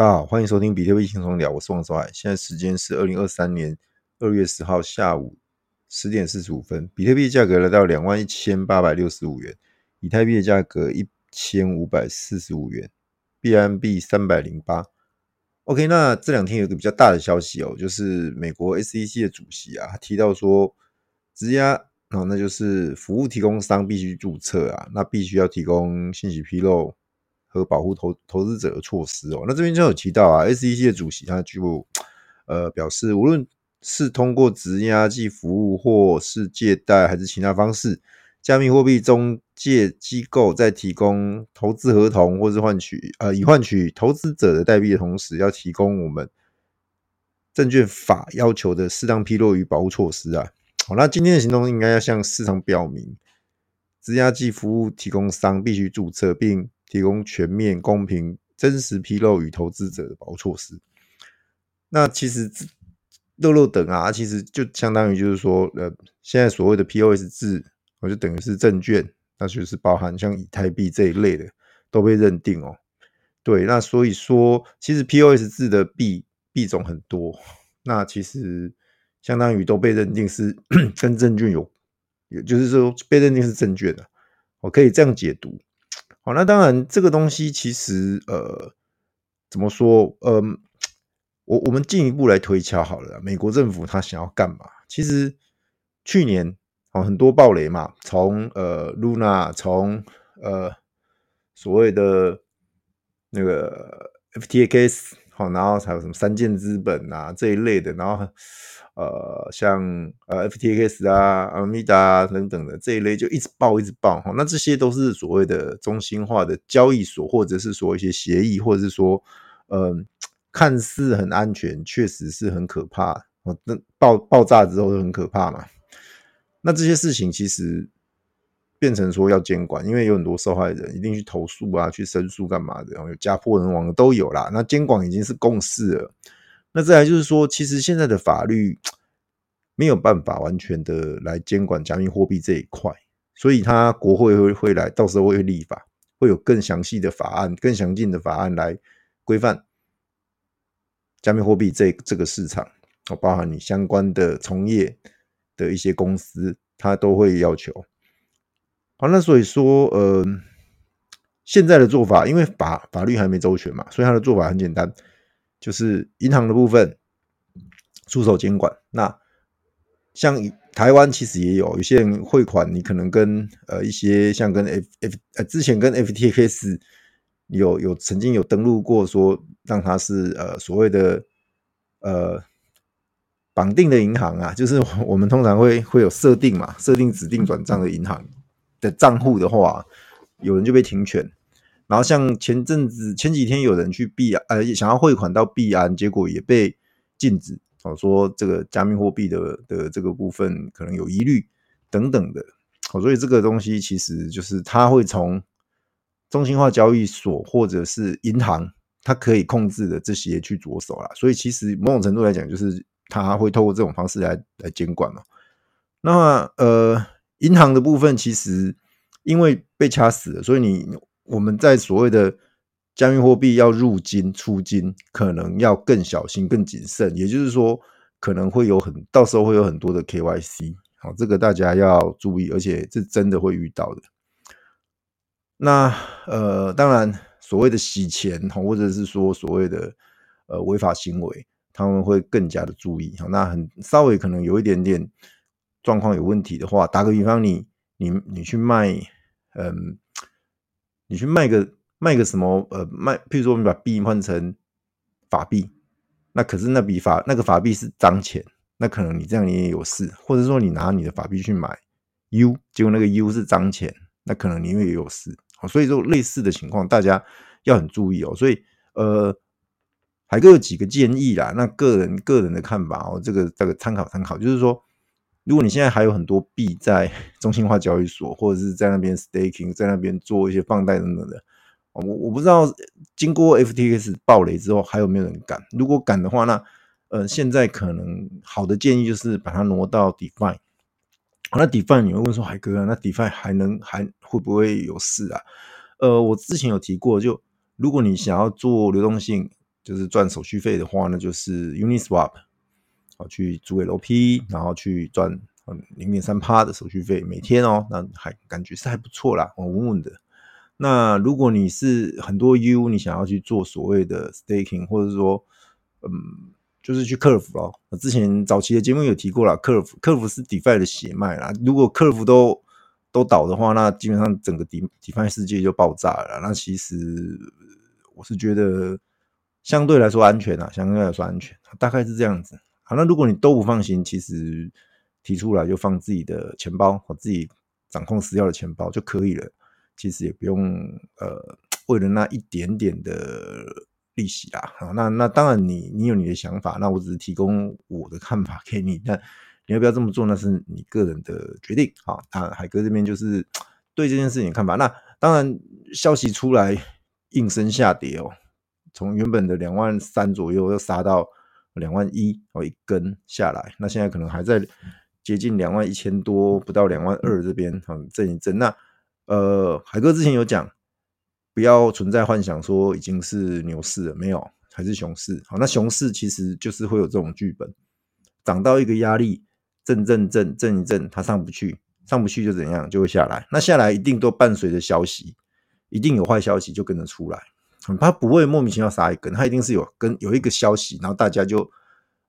大家好，歡迎收聽比特幣輕鬆的聊，我是王昭海。現在時間是二零二三年二月十號下午十點四十五分，比特幣的價格來到兩萬一千八百六十五元，以太幣的價格一千五百四十五元，BNB 三百零八。OK，那這兩天有一個比較大的消息哦，就是美國 S E C 的主席啊，他提到說，質押、哦、那就是服務提供商必須註冊啊，那必須要提供信息披露。和保護投投資者的措施哦，那這邊就有提到啊，SEC 的主席他就呃，表示無論是通過質押即服務，或是借貸，還是其他方式，加密貨幣中介機構在提供投資合同或是換取，呃，以換取投資者的代幣的同時，要提供我們證券法要求的適當披露與保護措施啊。好、哦，那今天的行動應該要向市場表明，質押即服務提供商必須註冊並。提供全面、公平、真實披露與投資者的保護措施。那其實，肉肉等啊，其實就相當於就是說，呃，現在所謂的 POS 制，我就等於是證券，那就是包含像以太幣這一類的都被認定哦。對，那所以說，其實 POS 制的幣幣種很多，那其實相當於都被認定是 跟證券有，也就是說被認定是證券的、啊。我可以這樣解讀。好，那當然這個東西其實呃怎麼說？嗯、呃，我我們進一步來推敲好了，美國政府他想要幹嘛？其實去年啊、呃、很多暴雷嘛，從呃 Luna 從呃所謂的那個 FTX。然後還有什麼三箭資本啊這一類的，然後呃像呃 FTX 啊、阿米達等等的這一類就一直爆一直爆、哦、那這些都是所謂的中心化的交易所，或者，所或者是說一些協議或者是說嗯看似很安全，確實是很可怕哦。那爆爆炸之後就很可怕嘛。那這些事情其實。變成說要監管，因為有很多受害人一定去投訴啊，去申訴幹嘛的，然後有家破人亡的都有啦。那監管已經是共識了。那再來就是說，其實現在的法律沒有辦法完全的來監管加密貨幣這一塊，所以他國會會會來，到時候會立法，會有更詳細的法案、更詳盡的法案來規範加密貨幣這這個市場，包含你相關的從業的一些公司，他都會要求。好、啊，那所以說，嗯、呃，現在的做法，因為法法律還沒周全嘛，所以他的做法很簡單，就是銀行的部分出手監管。那像台灣其實也有，有些人匯款，你可能跟呃一些像跟 F F 呃之前跟 FTX 有有曾經有登錄過，說，讓他是呃所謂的呃綁定的銀行啊，就是我們通常會會有設定嘛，設定指定轉賬的銀行。的賬戶的話，有人就被停權。然後像前陣子前幾天，有人去幣安、呃、想要匯款到幣安，結果也被禁止哦。說這個加密貨幣的的這個部分可能有疑慮等等的哦。所以這個東西其實就是他會從中心化交易所或者是銀行，他可以控制的這些去着手啦。所以其實某種程度來講，就是他會透過這種方式來來監管嘛、喔。那呃。銀行的部分其實因為被掐死了，所以你我們在所謂的加密貨幣要入金出金，可能要更小心、更謹慎。也就是說，可能會有很到時候會有很多的 KYC，好，這個大家要注意，而且是真的會遇到的。那呃，當然所謂的洗錢或者是說所謂的呃違法行為，他們會更加的注意。好，那很稍微可能有一點點，狀況有問題的話，打個比方你，你你你去賣，嗯、呃，你去賣個賣個什麼，呃，賣，譬如說我們把幣換成法幣，那可是那筆法那個法幣是髒錢，那可能你這樣你也有事，或者說你拿你的法幣去買 U，結果那個 U 是髒錢，那可能你也有事，所以說類似的情況大家要很注意哦。所以呃，海哥有幾個建議啦，那個人個人的看法哦，這個這個參考參考，就是說。如果你現在還有很多幣在中心化交易所，或者是在那邊 staking，在那邊做一些放貸等等的，我我不知道經過 FTX 爆雷之後還有沒有人敢。如果敢的話，那呃，現在可能好的建議就是把它挪到 Defi。那 Defi 你會問說：“海哥，那 Defi 還能還會不會有事啊？”呃，我之前有提過，就如果你想要做流動性，就是賺手續費的話，那就是 Uniswap。哦，去租給 LP，然後去賺零點三趴的手續費，每天哦，那還感覺是還不錯啦，穩穩的。那如果你是很多 U，你想要去做所謂的 staking，或者說，嗯，就是去 Curve 咯。之前早期的節目有提過了，Curve，Curve 是 DeFi 的血脈啦。如果 Curve 都都倒的話，那基本上整個 DeDeFi 世界就爆炸了啦。那其實我是覺得相對來說安全啦，相對來說安全，大概是這樣子。好，那如果你都不放心，其實提出來就放自己的錢包，或自己掌控私鑰的錢包就可以了。其實也不用呃，為了那一點點的利息啦。好，那那當然你，你你有你的想法，那我只是提供我的看法給你。那你要不要這麼做，那是你個人的決定。好，那海哥這邊就是對這件事情的看法。那當然，消息出來應聲下跌哦，從原本的兩萬三左右，又殺到。兩萬一哦，一根下來，那現在可能還在接近兩萬一千多，不到兩萬二這邊，好，震一震。那呃，海哥之前有講，不要存在幻想說已經是牛市了，沒有，還是熊市。好，那熊市其實就是會有這種劇本，漲到一個壓力，震震震震一震，它上不去，上不去就怎樣，就會下來。那下來一定都伴隨着消息，一定有壞消息就跟着出來。他不會莫名其妙殺一個，他一定是有跟有一個消息，然後大家就，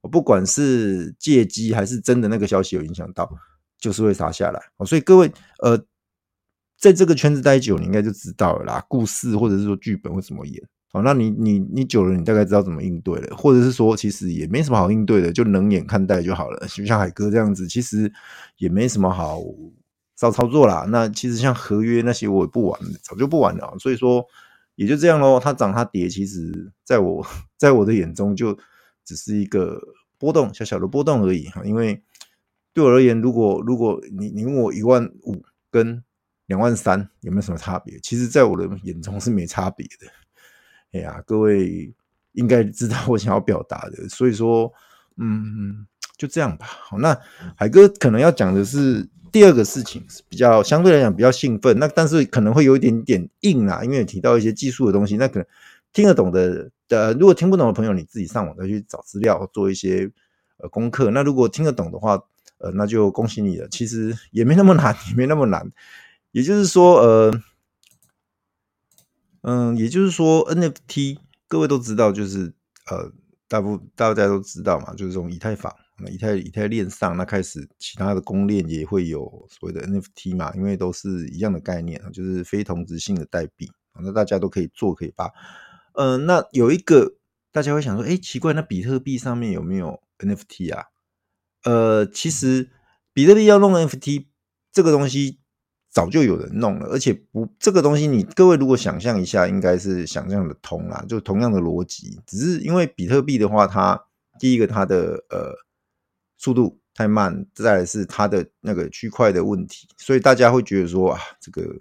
不管是借機還是真的那個消息有影響到，就是會殺下來。哦。所以各位，呃，在這個圈子待久，你應該就知道了啦。故事或者是說劇本會怎麼演，好。哦，那你你你久了，你大概知道怎麼應對了，或者是說其實也沒什麼好應對的，就冷眼看待就好了。就像海哥這樣子，其實也沒什麼好騷操作啦。那其實像合約那些，我也不玩，早就不玩了。所以說。也就這樣咯它漲它跌，其實在我在我的眼中就只是一個波動，小小的波動而已，因為對我而言，如果如果你你問我一萬五跟兩萬三有沒有什麼差別，其實，在我的眼中是沒差別的。哎呀，各位應該知道我想要表達的，所以說，嗯。就這樣吧。好，那海哥可能要講的是第二個事情，是比較相對來講比較興奮。那但是可能會有一點點硬啊，因為提到一些技術的東西。那可能聽得懂的，呃，如果聽不懂的朋友，你自己上網再去找資料，做一些呃功課。那如果聽得懂的話，呃，那就恭喜你了。其實也沒那麼難，也沒那麼難。也就是說，呃、嗯、呃，也就是說，NFT，各位都知道，就是呃，大部大家都知道嘛，就是這種以太坊。以太以太鏈上，那開始其他的公鏈也會有所謂的 NFT 嘛？因為都是一樣的概念啊，就是非同質性的代幣，那大家都可以做，可以吧？嗯、呃，那有一個大家會想說，哎、欸，奇怪，那比特幣上面有沒有 NFT 啊？呃，其實比特幣要弄 NFT 這個東西早就有人弄了，而且不這個東西，你各位如果想象一下，應該是想象得通啦，就同樣的邏輯，只是因為比特幣的話，它第一個它的呃。速度太慢，再來是它的那個區塊的問題，所以大家會覺得說啊，這個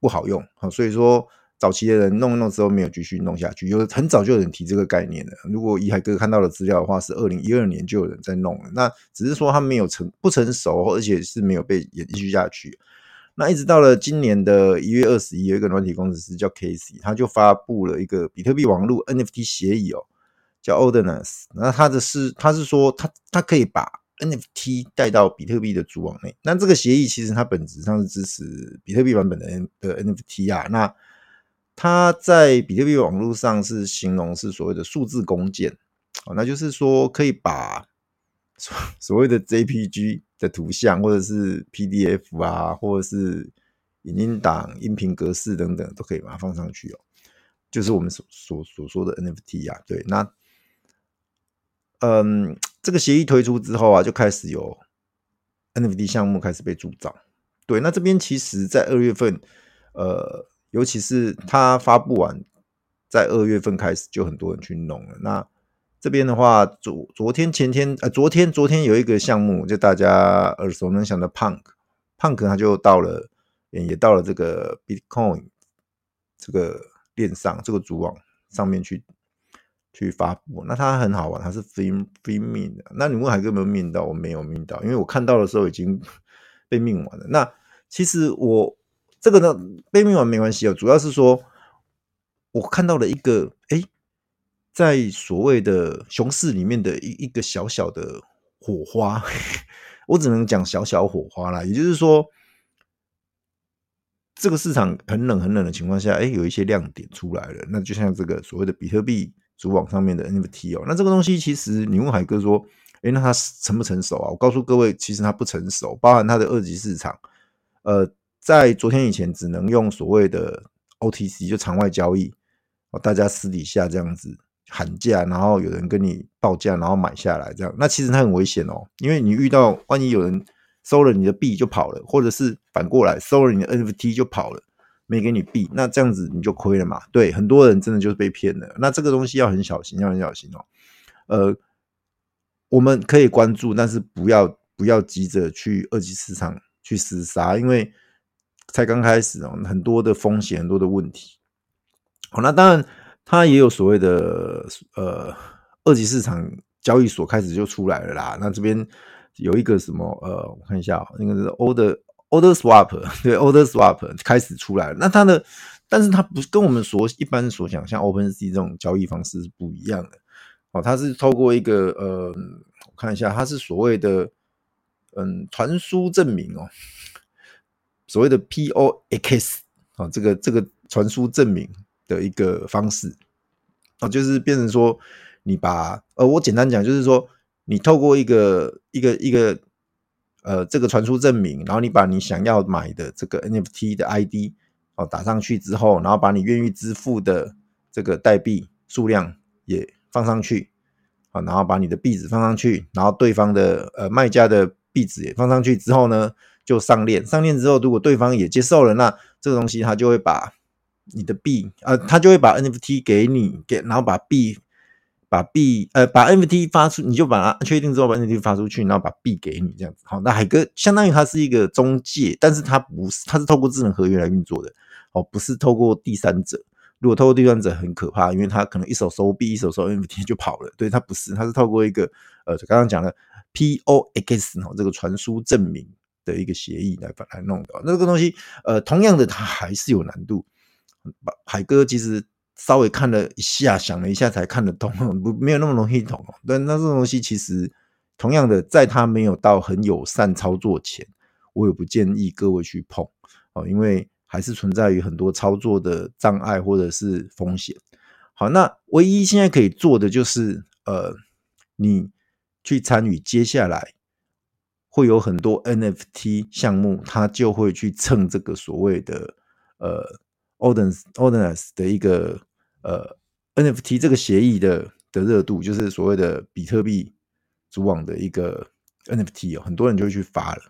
不好用啊，所以說早期的人弄一弄之後沒有繼續弄下去。有很早就有人提這個概念了，如果一海哥看到的資料的話，是二零一二年就有人在弄了。那只是說他沒有成不成熟，而且是沒有被延續下去。那一直到了今年的一月二十一，有一個軟體工程師叫 Casey，他就發佈了一個比特幣網絡 NFT 協議哦。叫 Ordinals，那他的是他是說，他他可以把 NFT 帶到比特幣的主網內。那這個協議其實它本質上是支持比特幣版本的 NFT 啊。那它在比特幣網絡上是形容是所謂的數字工件哦，那就是說可以把所所謂的 JPG 的圖像或者是 PDF 啊，或者是影音檔、音頻格式等等都可以把它放上去哦，就是我們所所所說的 NFT 啊，對那。嗯，這個協議推出之後啊，就開始有 NFT 項目開始被鑄造。對，那這邊其實在二月份，呃，尤其是它發布完，在二月份開始就很多人去弄了。那這邊的話，昨昨天前天，呃，昨天昨天有一個項目，就大家耳熟能詳的 Punk Punk，它就到了，也到了這個 Bitcoin 這個鏈上這個主網上面去。去發布，那它很好玩，它是 free free 命的。那你問海哥有沒有命到？我沒有命到，因為我看到的時候已經被命完了。那其實我這個呢被命完沒關係啊、喔，主要是說我看到了一個哎、欸，在所謂的熊市裡面的一一個小小的火花， 我只能講小小火花啦。也就是說，這個市場很冷很冷的情況下，哎、欸，有一些亮點出來了。那就像這個所謂的比特幣。主網上面的 NFT 哦，那這個東西其實你問海哥說，誒，那它成不成熟啊？我告訴各位，其實它不成熟，包含它的二級市場，呃，在昨天以前只能用所謂的 OTC 就場外交易，大家私底下這樣子喊價，然後有人跟你報價，然後買下來這樣。那其實它很危險哦，因為你遇到萬一有人收了你的幣就跑了，或者是反過來收了你的 NFT 就跑了。沒給你幣，那這樣子你就虧了嘛？對，很多人真的就是被騙了。那這個東西要很小心，要很小心哦。呃，我們可以關注，但是不要不要急着去二級市場去廝殺，因為才剛開始哦，很多的風險，很多的問題。好，哦，那當然它也有所謂的呃二級市場交易所開始就出來了啦。那這邊有一個什麼呃，我看一下哦，那個是 O 的。Order Swap 對，Order Swap 開始出來了。那它的，但是它不是跟我們所一般所講，像 Open Sea 這種交易方式是不一樣的。哦，它是透過一個呃，我看一下，它是所謂的嗯傳輸證明哦，所謂的 POX 哦，這個這個傳輸證明的一個方式哦，就是變成說你把呃，我簡單講就是說你透過一個一個一個。一個呃，這個傳輸證明，然後你把你想要買的這個 NFT 的 ID 哦，打上去之後，然後把你願意支付的這個代幣數量也放上去，啊，然後把你的地址放上去，然後對方的呃賣家的地址也放上去之後呢，就上鏈。上鏈之後，如果對方也接受了，那這個東西他就會把你的幣，啊、呃，他就會把 NFT 給你給，然後把幣。把幣呃把 NFT 發出，你就把它確定之後把 NFT 發出去，然後把幣給你這樣子。好，那海哥相當於他是一個中介，但是他不是，他是透過智能合約來運作的。哦，不是透過第三者。如果透過第三者很可怕，因為他可能一手收幣，一手收 NFT 就跑了。對，他不是，他是透過一個呃剛剛講的 POX 哦這個傳輸證明的一個協議來把它弄到，啊。那這個東西呃同樣的它還是有難度。海哥其實。稍微看了一下，想了一下才看得懂，不沒有那麼容易懂。但那這種東西其實同樣的，在它沒有到很友善操作前，我也不建議各位去碰哦，因為還是存在於很多操作的障礙或者是風險。好，那唯一現在可以做的就是，呃，你去參與接下來會有很多 NFT 項目，它就會去蹭這個所謂的呃 Ordinals Ordinals 的一個。呃，NFT 這個協議的的熱度，就是所謂的比特幣主網的一個 NFT 哦，很多人就會去發了，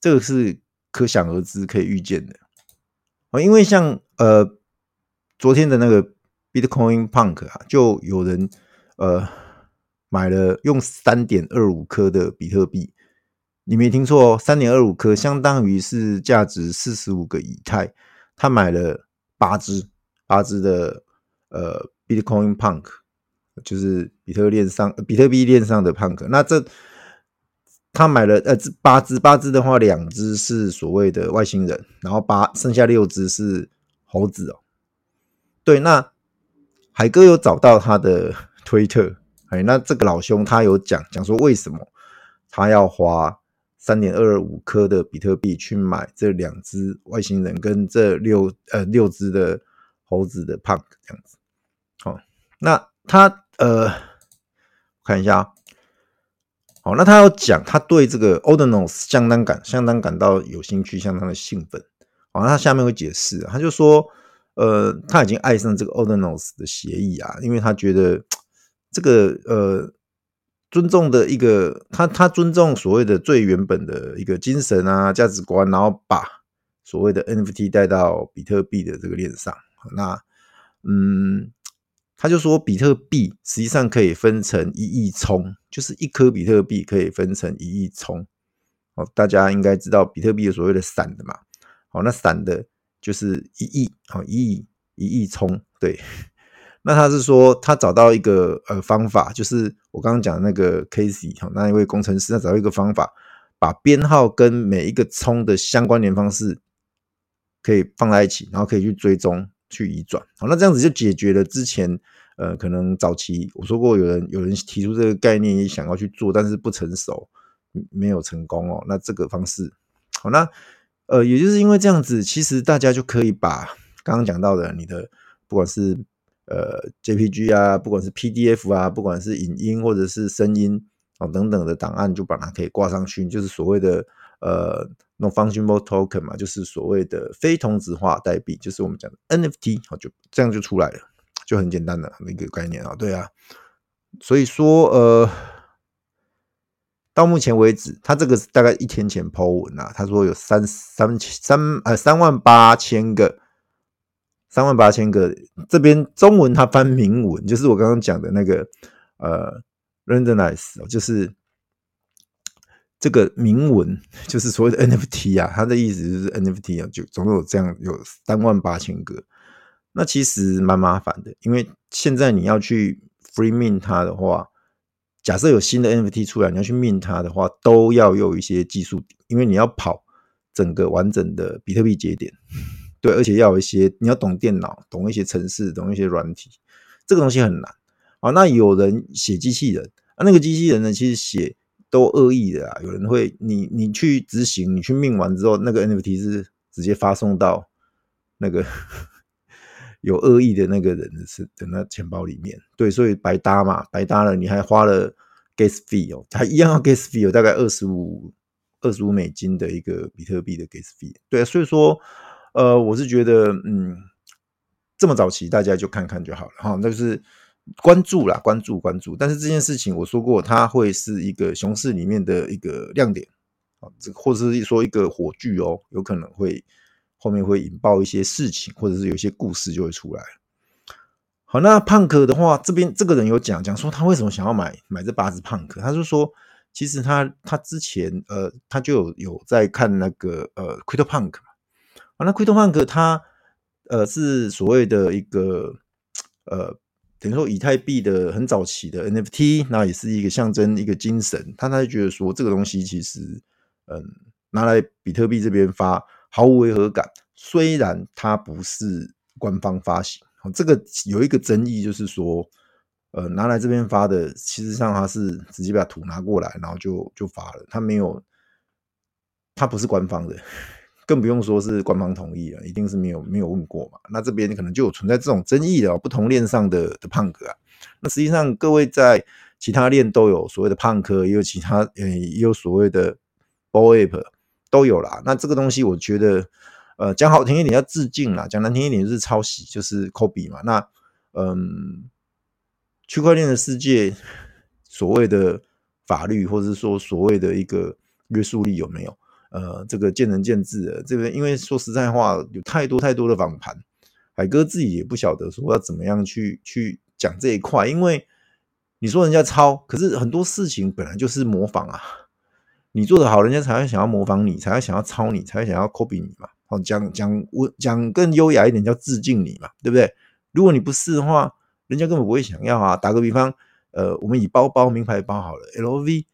這個是可想而知、可以預見的。哦、呃，因為像呃，昨天的那個 Bitcoin Punk 啊，就有人呃買了用三點二五顆的比特幣，你沒聽錯哦，三點二五顆相當於是價值四十五個以太，他買了八隻八隻的。呃，Bitcoin Punk，就是比特幣鏈上、比特幣鏈上的 Punk。那這他買了呃，八隻，八隻的話，兩隻是所謂的外星人，然後八剩下六隻是猴子哦。對，那海哥有找到他的推特，哎，那這個老兄他有講講說為什麼他要花三點二五顆的比特幣去買這兩隻外星人跟這六呃六隻的猴子的 Punk 這樣子。那他呃，我看一下，哦，好，那他要講，他對這個 Ordinals 相當感，相當感到有興趣，相當的興奮。好，那他下面會解釋，啊，他就說，呃，他已經愛上這個 Ordinals 的協議啊，因為他覺得這個呃，尊重的一個，他他尊重所謂的最原本的一個精神啊、價值觀，然後把所謂的 NFT 帶到比特幣的這個鏈上。好，那嗯。他就說，比特幣實際上可以分成一億聰，就是一顆比特幣可以分成一億聰。哦，大家應該知道比特幣有所謂的散的嘛。那散的就是一億，一億一億,一億聰。對，那他是說他找到一個呃方法，就是我剛剛講的那個 Casey，那一位工程師他找到一個方法，把編號跟每一個聰的相關聯方式可以放在一起，然後可以去追蹤。去移轉，好，那這樣子就解決了之前，呃，可能早期我說過，有人有人提出這個概念，也想要去做，但是不成熟，沒有成功哦。那這個方式，好，那呃，也就是因為這樣子，其實大家就可以把剛剛講到的你的不管是呃 JPG 啊，不管是 PDF 啊，不管是影音或者是聲音啊、哦、等等的檔案，就把它可以掛上去，就是所謂的。呃 non-fungible token 嘛，就是所謂的非同質化代幣，就是我們講的 NFT，好，就這樣就出來了，就很簡單的那個概念啊，對啊，所以說呃，到目前為止，他這個是大概一天前 PO 文啊，他說有三三三呃三萬八千個，三萬八千個這邊中文他翻銘文，就是我剛剛講的那個呃 renderless 就是。這個銘文就是所謂的 NFT 啊，它的意思就是 NFT 啊，就總有這樣有三萬八千個，那其實蠻麻煩的，因為現在你要去 free mint 它的話，假設有新的 NFT 出來，你要去 mint 它的話，都要有一些技術，因為你要跑整個完整的比特幣節點，對，而且要有一些你要懂電腦，懂一些程式，懂一些軟體，這個東西很難啊。那有人寫機器人，啊，那個機器人呢，其實寫。都惡意的啊！有人會，你你去執行，你去命完之後，那個 NFT 是直接發送到那個 有惡意的那個人的是，錢包裡面。對，所以白搭嘛，白搭了，你還花了 gas fee 哦，還一樣 gas fee，有大概二十五二十五美金的一個比特幣的 gas fee。對，所以說，呃，我是覺得，嗯，這麼早期大家就看看就好了哈，那、就是。關注啦，關注關注，但是這件事情我說過，它會是一個熊市裡面的一個亮點、啊、或者是說一個火炬哦，有可能會後面會引爆一些事情，或者是有一些故事就會出來。好，那 Punk 的話，這邊這個人有講講說他為什麼想要買，買這八隻 Punk，他就說其實他他之前呃，他就有有在看那個呃，Crypto Punk、啊、那 Crypto Punk 他呃是所謂的一個呃。等於說，以太幣的很早期的 NFT，那也是一個象徵，一個精神。他他就覺得說，這個東西其實，嗯，拿來比特幣這邊發毫無違和感。雖然它不是官方發行，這個有一個爭議，就是說，呃、嗯，拿來這邊發的，其實上它是直接把圖拿過來，然後就就發了，它沒有，它不是官方的。更不用說是官方同意了，一定是沒有沒有問過嘛？那這邊可能就有存在這種爭議的哦，不同鏈上的的 Punk 啊。那實際上各位在其他鏈都有所謂的 Punk，也有其他呃，也有所謂的 b o y p 都有啦。那這個東西，我覺得呃，講好聽一點叫致敬啦，講難聽一點就是抄襲，就是 copy 嘛。那嗯，區塊鏈的世界所謂的法律，或者說所謂的一個約束力有沒有？呃，這個見仁見智的，這個，因為說實在話，有太多太多的仿盤，海哥自己也不曉得說要怎麼樣去去講這一塊，因為你說人家抄，可是很多事情本來就是模仿啊，你做得好，人家才會想要模仿你，才會想要抄你，才會想要 copy 你嘛。哦，講講我講更優雅一點，叫致敬你嘛，對不對？如果你不是的話，人家根本不會想要啊。打個比方，呃，我們以包包名牌包好了，LV，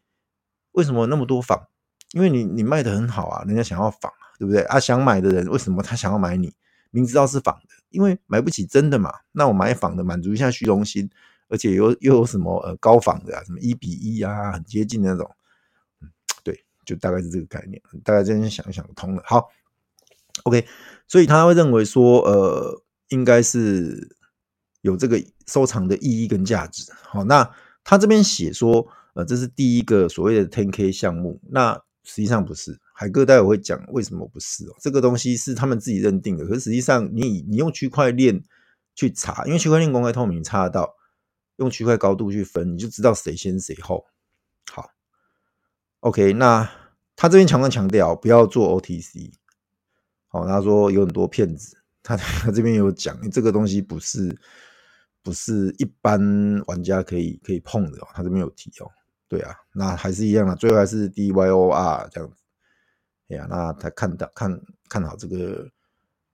為什麼那麼多仿？因為你你賣得很好啊，人家想要仿，對不對啊？想買的人為什麼他想要買你？明知道是仿的，因為買不起真的嘛。那我買仿的，滿足一下虛榮心，而且又又有什麼、呃、高仿的啊？什麼一比一啊，很接近那種。對，就大概是這個概念。大家這邊想一想通了，好，OK。所以他會認為說，呃，應該是有這個收藏的意義跟價值。好、哦，那他這邊寫說，呃，這是第一個所謂的 10K 項目，那。實際上不是，海哥待會會講為什麼不是哦。這個東西是他們自己認定的，可是實際上你你用區塊鏈去查，因為區塊鏈公開透明，查得到。用區塊高度去分，你就知道誰先誰後。好，OK，那他這邊強強調不要做 OTC，好，他說有很多騙子，他他這邊有講，這個東西不是不是一般玩家可以可以碰的哦，他這邊有提哦。對啊，那還是一樣啊，最後還是 D Y O R 這樣子。哎、yeah, 呀，那他看到看看好這個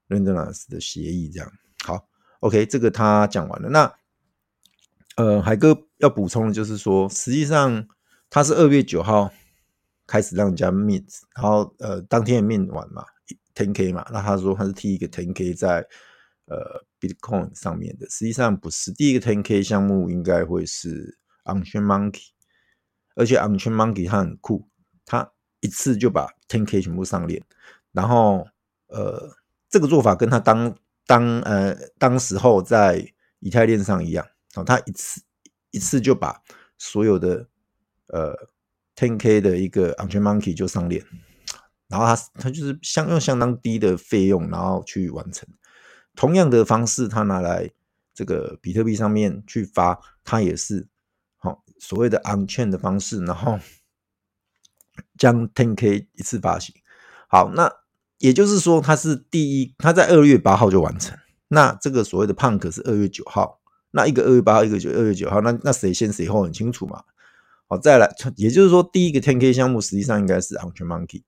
Ordinals 的協議這樣。好，OK，這個他講完了。那呃，海哥要補充的就是說，實際上他是二月九號開始讓人家 mint，然後呃，當天的 mint 完嘛，10K 嘛，那他說他是第一個 10K 在呃 Bitcoin 上面的，實際上不是，第一個 10K 項目應該會是 OnChainMonkey。而且 OnChain Monkey 它很酷，它一次就把 10k 全部上鏈，然後呃，這個做法跟它當當呃當時候在以太鏈上一樣，他它一次一次就把所有的呃 10k 的一個 OnChain Monkey 就上鏈，然後它它就是相用相當低的費用，然後去完成同樣的方式，它拿來這個比特幣上面去發，它也是。所謂的 on chain 的方式，然後將 10K 一次發行，好，那也就是說它是第一，它在二月八號就完成。那這個所謂的 PUNK 是二月九號，那一個二月八號，一個九二月九號，那那誰先誰後很清楚嘛？好，再來，也就是說第一個 10K 項目實際上應該是 OnChainMonkey，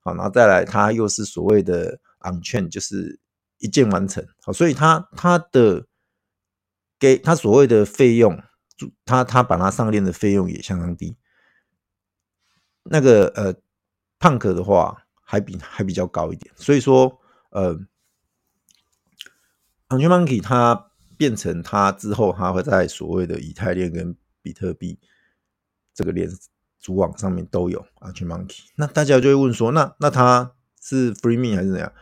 好，然後再來它又是所謂的 on chain 就是一鍵完成，好，所以它它的給它所謂的費用。他他把它上鏈的費用也相當低，那個呃，Punk 的話還比還比較高一點，所以說呃，OnChainMonkey 它變成它之後，它會在所謂的以太鏈跟比特幣這個鏈子，主網上面都有 OnChainMonkey。那大家就會問說，那那它是 Free Mint 還是怎樣？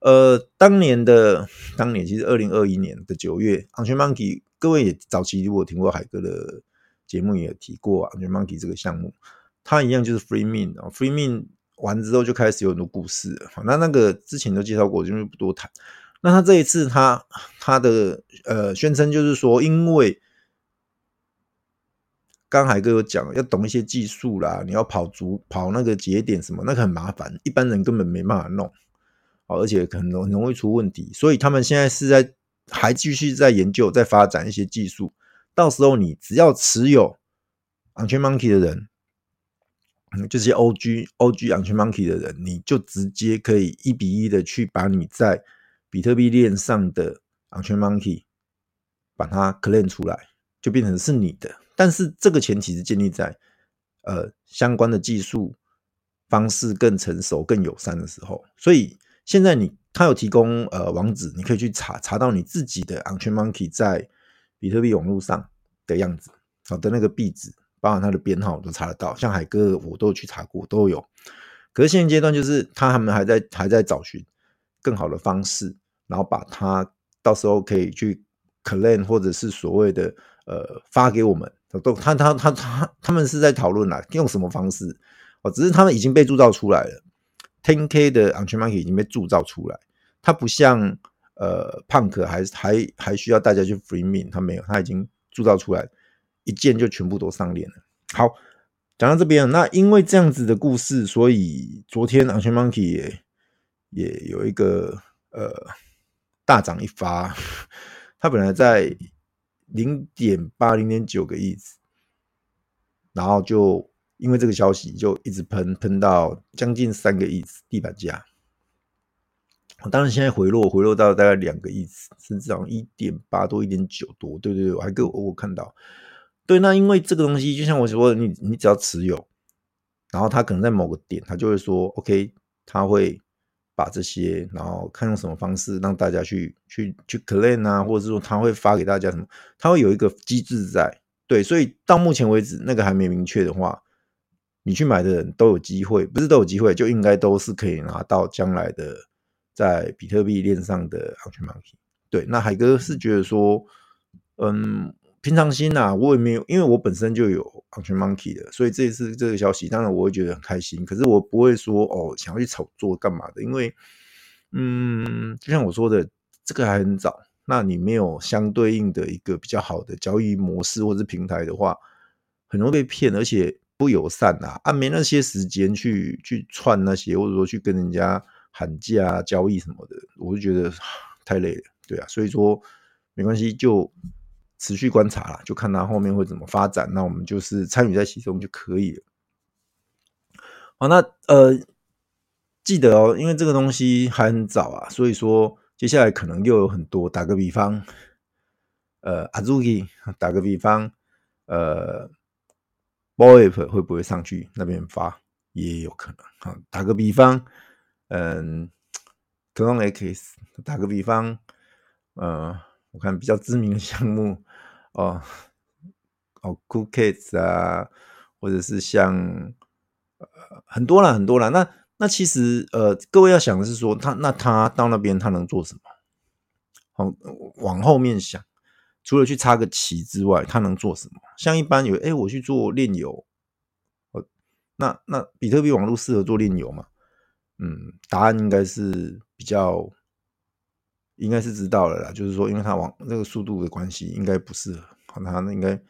呃，當年的當年其實二零二一年的九月，OnChainMonkey。各位也早期如果聽過海哥的節目，也提過啊就 Monkey 這個項目，它一樣就是 Free Mint，哦、Free Mint 完之後就開始有很多故事好。那那個之前都介紹過，因為不多談。那他這一次，他他的呃宣稱就是說，因為剛海哥有講，要懂一些技術啦，你要跑足，跑那個節點什麼，那個很麻煩，一般人根本沒辦法弄，哦、而且可能很容易出問題，所以他們現在是在。還繼續在研究，在發展一些技術。到時候，你只要持有 OnChain Monkey 的人，嗯，這些 O G O G OnChain Monkey 的人，你就直接可以一比一的去把你在比特幣鏈上的 OnChain Monkey 把它 claim 出來，就變成是你的。但是這個前提是建立在呃相關的技術方式更成熟，更友善的時候。所以現在你。他有提供呃網址，你可以去查，查到你自己的 OnChain Monkey 在比特幣網絡上的樣子，好、哦、的那個壁紙，包含它的編號我都查得到。像海哥我都有去查過，都有。可是現階段就是他他們還在還在找尋更好的方式，然後把它到時候可以去 claim 或者是所謂的呃發給我們。都他他他他他，他們是在討論啦，用什麼方式哦，只是他們已經被鑄造出來了。10K 的 OnChainMonkey 已經被鑄造出來，它不像呃 Punk 還還還需要大家去 free mint，它沒有，它已經鑄造出來，一鍵就全部都上鏈了。好，講到這邊，那因為這樣子的故事，所以昨天 OnChainMonkey 也也有一個呃大漲一發， 它本來在零點八、零點九個億，然後就。因為這個消息就一直噴噴到將近三個億次，地板價，我當然現在回落回落到大概兩個億次，甚至漲一點八多一點九多，對對對，我還給我我、哦、看到，對，那因為這個東西就像我說，你你只要持有，然後他可能在某個點，他就會說 OK，他會把這些，然後看用什麼方式讓大家去去去 claim 啊，或者是說他會發給大家什麼，他會有一個機制在，對，所以到目前為止那個還沒明確的話。你去買的人都有機會，不是都有機會，就應該都是可以拿到將來的在比特幣鏈上的 OnChain Monkey。對，那海哥是覺得說，嗯，平常心啊，我也沒有，因為我本身就有 OnChain Monkey 的，所以這一次這個消息，當然我會覺得很開心。可是我不會說哦，想要去炒作幹嘛的，因為，嗯，就像我說的，這個還很早，那你沒有相對應的一個比較好的交易模式或者是平台的話，很容易被騙，而且。不友善啊，啊沒那些時間去去串那些，或者說去跟人家喊價交易什麼的，我就覺得太累了。對啊，所以說沒關係，就持續觀察啦，就看他後面會怎麼發展，那我們就是參與在其中就可以了。好、哦，那呃，記得哦，因為這個東西還很早啊，所以說接下來可能又有很多，打個比方，呃，Azuki，打個比方，呃。Boyip 會不會上去那邊發也有可能，打個比方，嗯，Clone X，打個比方，呃，我看比較知名的項目哦，哦 Cool Cats 啊，或者是像呃很多了，很多了。那那其實呃，各位要想的是說，他那他到那邊他能做什麼？好、哦，往後面想。除了去插個旗之外，他能做什麼？像一般有，哎、欸，我去做鏈遊，呃，那那比特幣網絡適合做鏈遊嗎？嗯，答案應該是比較，應該是知道了啦。就是說，因為它網那個速度的關係，應該不適合，它那應該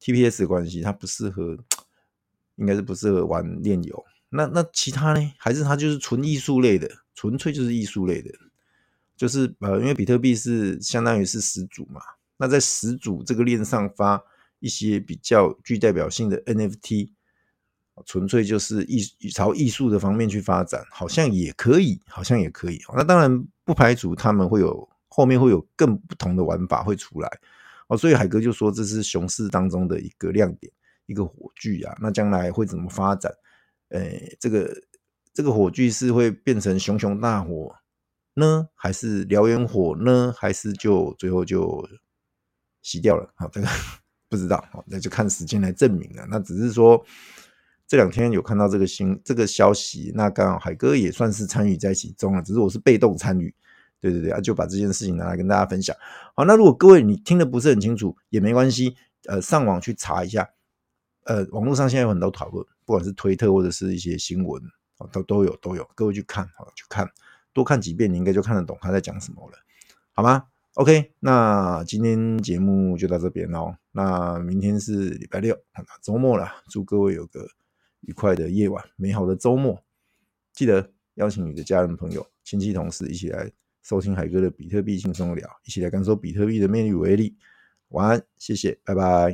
TPS 的關係，它不適合，應該是不適合玩鏈遊。那那其他呢？還是它就是純藝術類的，純粹就是藝術類的，就是呃，因為比特幣是相當於是始祖嘛。那在始祖這個鏈上發一些比較具代表性的 NFT，純粹就是藝朝藝術的方面去發展，好像也可以，好像也可以。那當然不排除他們會有後面會有更不同的玩法會出來。哦，所以海哥就說這是熊市當中的一個亮點，一個火炬啊。那將來會怎麼發展？誒這個這個火炬是會變成熊熊大火呢，還是燎原火呢，還是就最後就？洗掉了？好，這個不知道。好，那就看時間來證明了。那只是說，這兩天有看到這個新這個消息，那剛好海哥也算是參與在其中了，只是我是被動參與。對對對、啊、就把這件事情拿來跟大家分享。好，那如果各位你聽得不是很清楚也沒關係，呃，上網去查一下，呃、網絡上現在有很多討論，不管是推特或者是一些新聞啊、哦，都都有都有，各位去看啊，去看多看幾遍，你應該就看得懂他在講什麼了，好嗎？OK，那今天節目就到這邊嘍。那明天是禮拜六，周末了，祝各位有個愉快的夜晚，美好的周末。記得邀請你的家人、朋友、親戚、同事一起來收聽海哥的比特幣輕鬆聊，一起來感受比特幣的魅力威力。晚安，謝謝，拜拜。